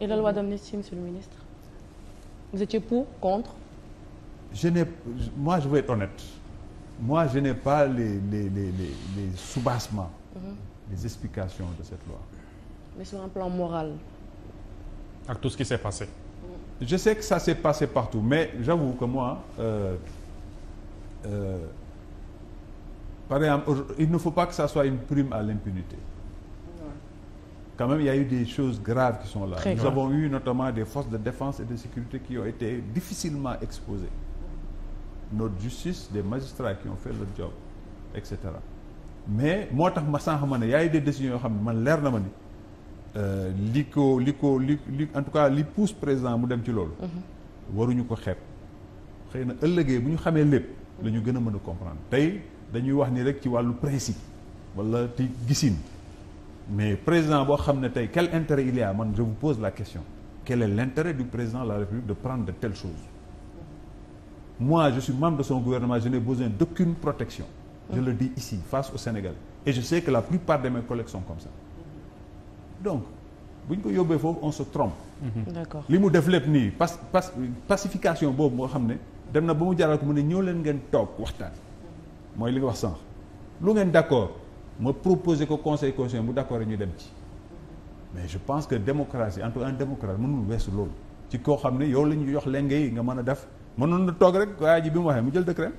Et la loi d'amnistie, monsieur le ministre Vous étiez pour, contre je n'ai, Moi, je vais être honnête. Moi, je n'ai pas les, les, les, les soubassements, mm -hmm. les explications de cette loi. Mais sur un plan moral Avec tout ce qui s'est passé Je sais que ça s'est passé partout, mais j'avoue que moi, euh, euh, par exemple, il ne faut pas que ça soit une à l'impunité. quand même il y a eu des choses graves qui sont là Très nous grave. avons eu notamment des forces de défense et de sécurité qui ont été difficilement exposées notre justice des magistrats qui ont fait leur job et cetera mais moo tax ma sànq ma ne yaa a de des yoo xam ne man leer na ma ni euh, li ko li ko li li en tout cas li pousse président mu dem ci loolu mhm. waruñu ko xeeb xëy na ëllëgee bu ñu xamee lépp lañu gën a mën a comprendre tey dañuy wax ni rek ci wàllu principe wala ci gisin mais président boo xam ne tey quel intérêt il y a man je vous pose la question quel est l'intérêt du président de la République de prendre de telles choses moi je suis membre de son gouvernement je n'ai besoin d'aucune protection je le dis ici face au Sénégal et je sais que la plupart de mes collègues comme ça donc bu ñu ko yóbbee foofu on se trompe mhm. d'accord li mu def lépp nii pas pas pacification boobu moo xam ne dem na ba mu jaral ko mu ne ñëw leen ngeen toog waxtaan mooy li wax sànq lu ngeen d'accord ma proposer ko conseil constitutionnel bu d'accord ñu dem ci mais je pense que démocratie en tout un démocrate mënul weesu loolu ci koo xam ni yow la ñu jox lenge nga mën a def mënoon na toog rek waa ji bi mu waxee mu jël décret